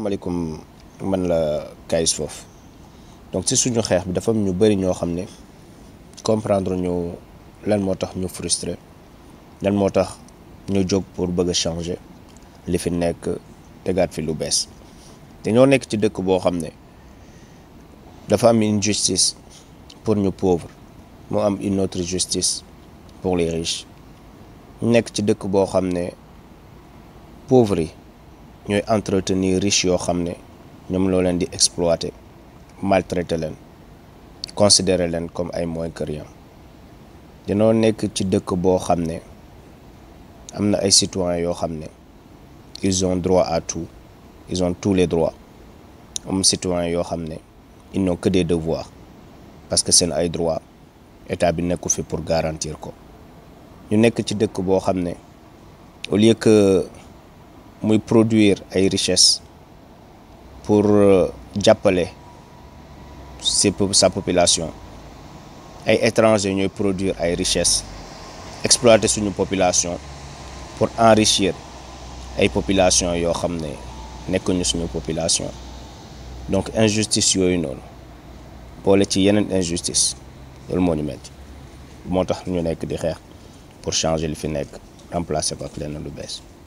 maaleykum man la Kayz Fof donc ci suñu xex bi dafa am ñu bari ño xamné comprendre ñu lan motax ñu frustré lan motax ñu jog pour bëgg changer li fi nekk tégaat fi lu bees té ñoo nekk ci dëkk bo xamné dafa am une justice pour ñu pauvres mo am une autre justice pour les riches nekk ci dëkk bo xamné ne pauvres nous entretenir riche yo xamné ñom lo leen di exploiter maltraiter leen considérer leen comme ay moins que rien danoo nek ci dëkk bo xamné amna ay citoyens yo xamné ils ont droit à tout ils ont tous les droits am citoyens yo xamné ils n'ont que des devoirs parce que seen ay droits état bi nekku fi pour garantir ko ñu nek ci dëkk bo xamné au lieu que muy produire des richesses pour euh, pour sa population ay étrangers produisent produire ay richesses exploiter suñu population pour enrichir ay population yo xamné ne sur suñu population donc injustice une pour les ci yenen injustice le monument ñu metti ñu nekk di pour changer les fi nekk remplacer ko ak lu